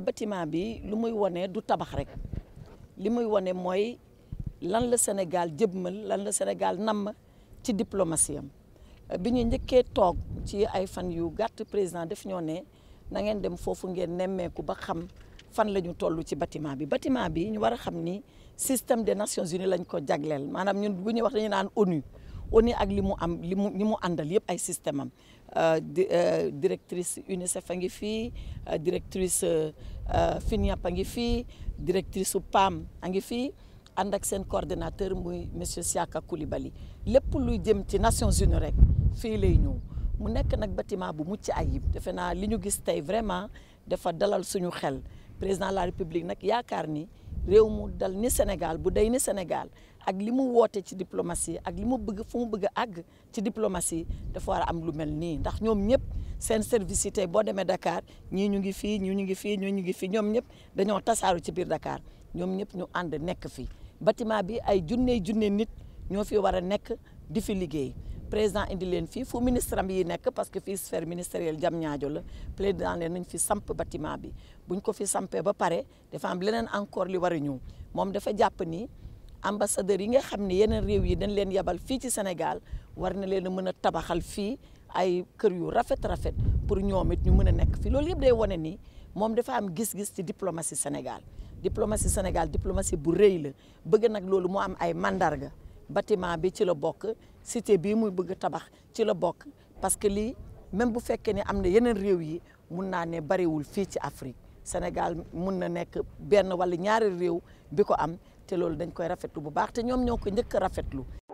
bâtiment bi lu muy woné du tabax rek li muy woné moy lan la Sénégal jëmmal lan la Sénégal nam ci diplomatie am euh, bi ñu njëkkee toog ci ay fan yu gatt président def ñoo ne na ngeen dem fofu ngeen néméku ba xam fan lañu tollu ci bâtiment bi bâtiment bi ñu wara xam ni système des Nations Unies lañ ko jagleel manam ñun bu ñu wax dañu naan ONU ONU ak li mu am li mu li mu àndal yëpp ay système am euh, euh, directrice UNICEF a ngi fii euh, directrice FINIAP a ngi fii directrice u PAM a ngi fii ànd ak seen coordonnateur muy monsieur Siaka Koulibaly lépp luy jëm ci Nations Unies rek fii lay ñëw mu nekk nag bâtiment bu mucc ayib defe naa li ñu gis tey vraiment dafa dalal suñu xel président de la République nag yaakaar ni réew mu dal ni Sénégal bu day ni Sénégal ak li mu wootee ci diplomatie ak li mu bëgg fu mu bëgg a àgg ci diplomatie dafa war a am lu mel nii ndax ñoom ñëpp seen service boo demee dakaar ñii ñu ngi fii ñu ñu ngi fii ñu ñu ngi fii ñoom ñëpp dañoo tasaaru ci biir dakaar ñoom ñëpp ñu ànd nekk fii bâtiment bi ay junne junne nit ñoo fi war a nekk di fi liggéey président indi len fi fu ministre am yi nekk parce que fi sphère ministérielle jam ñaajo la président leen nañ fi samp bâtiment bi buñ ko fi sampé ba paré dafa am encore li war ñu mom dafa japp ni ambassadeur yi nga xamni ne yeneen réew yi dañ leen yabal fi ci Sénégal war na leen mëna tabaxal fii ay kër yu rafet rafet pour ñoom ñu mëna nek fi fii loolu yëpp day wane ni mom dafa am gis-gis ci diplomatie Sénégal diplomatie Sénégal diplomatie bu reuy la bëgg nak loolu mo am ay mandarga bâtiment bi ci la bokk cité bii muy bëgg tabax ci la bokk parce que lii même bu fekkee ni am na yeneen réew yi mun naa ne bariwul fii ci Afrique Sénégal mun na nekk benn wala ñaari réew bi ko am te loolu dañ koy rafetlu bu baax te ñoom ñoo ko njëkk a rafetlu